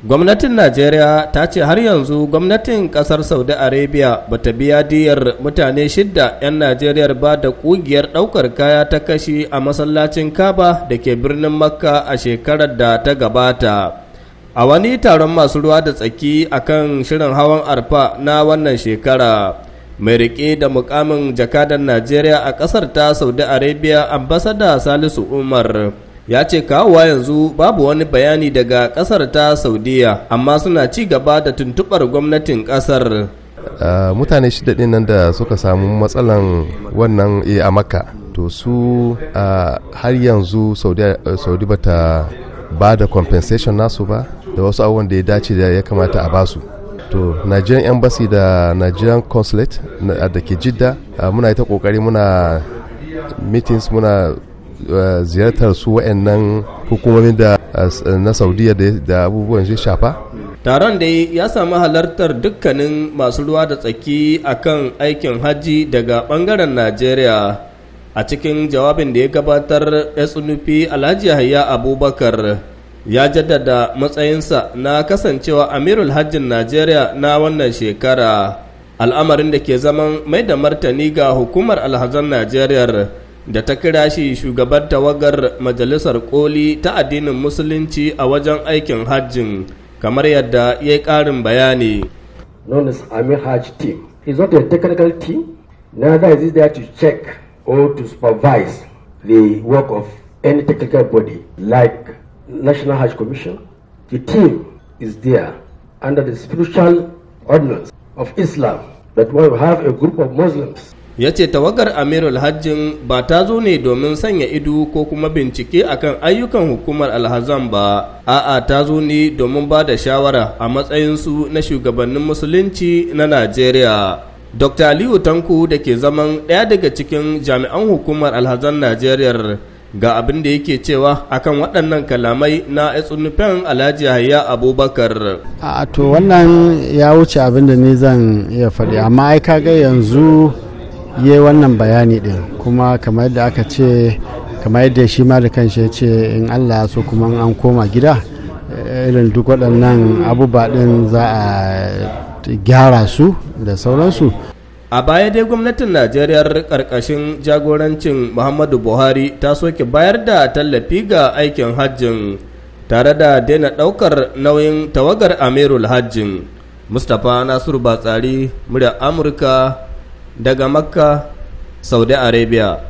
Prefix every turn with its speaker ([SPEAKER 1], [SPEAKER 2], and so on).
[SPEAKER 1] gwamnatin najeriya ta ce har yanzu gwamnatin kasar saudi arabia ba ta biya diyar mutane shidda 'yan najeriya ba da kugiyar daukar kaya ta kashi a masallacin kaba da ke birnin makka a shekarar da ta gabata a wani taron masu ruwa da tsaki a kan shirin hawan arfa na wannan shekara mai riƙe da mukamin jakadan najeriya a ƙasar ta saudi arabia ambasada salisu umar ya ce kawowa yanzu babu wani bayani daga kasar ta saudiya amma suna ci gaba da tuntubar gwamnatin kasar uh, mutane shida
[SPEAKER 2] ɗin nan da suka samu matsalan wannan e a makka to su uh, har yanzu eh, saudi ba ta ba da compensation nasu ba da wasu abubuwan da ya dace da ya kamata a basu to nigerian embassy da nigerian consulate da ke jidda muna yi ta kokari muna meetings muna Eh, ziyartar su waɗannan hukumomin da eh, na saudiya da abubuwan shi shafa
[SPEAKER 1] taron da ya samu halartar dukkanin masu ruwa da tsaki a kan aikin hajji daga bangaren najeriya a cikin jawabin da ya gabatar snp alhaji yahaya abubakar ya jaddada matsayinsa na kasancewa amirul hajjin najeriya na wannan shekara al'amarin da ke zaman mai da martani ga hukumar alhazan najeriya da ta kira shi shugaban tawagar majalisar koli ta addinin musulunci a wajen aikin hajjin kamar yadda ya yi karin bayani.
[SPEAKER 3] known as Army Hajj team is not a technical team, neither is it there to check or to supervise the work of any technical body like National Hajj Commission. The team is there under the spiritual ordinance of Islam that we have a group of Muslims
[SPEAKER 1] ya ce tawagar amirul hajjin ba ta zo ne domin sanya ido ko kuma bincike akan ayyukan hukumar alhazan ba a'a ta zo ne domin ba da shawara a matsayinsu na shugabannin musulunci na najeriya dr aliyu tanku da ke zaman ɗaya daga cikin jami'an hukumar alhazan najeriya ga abin da yake cewa akan waɗannan kalamai na tsunufin alhaji hayya abubakar a to
[SPEAKER 4] wannan ya wuce abin da ni zan iya faɗi amma ai kaga yanzu yi wannan bayani din kuma kamar yadda aka ce kamar yadda shi ma da kanshi ya ce in allah so kuma an koma gida eh, irin duk waɗannan abubuwa ɗin za a gyara su da sauransu
[SPEAKER 1] a baya dai gwamnatin najeriya ƙarƙashin jagorancin muhammadu buhari ta soke bayar da tallafi ga aikin hajjin tare da daina ɗaukar nauyin tawagar amirul hajjin mustapha nasiru batsari murya amurka daga makka saudi arabia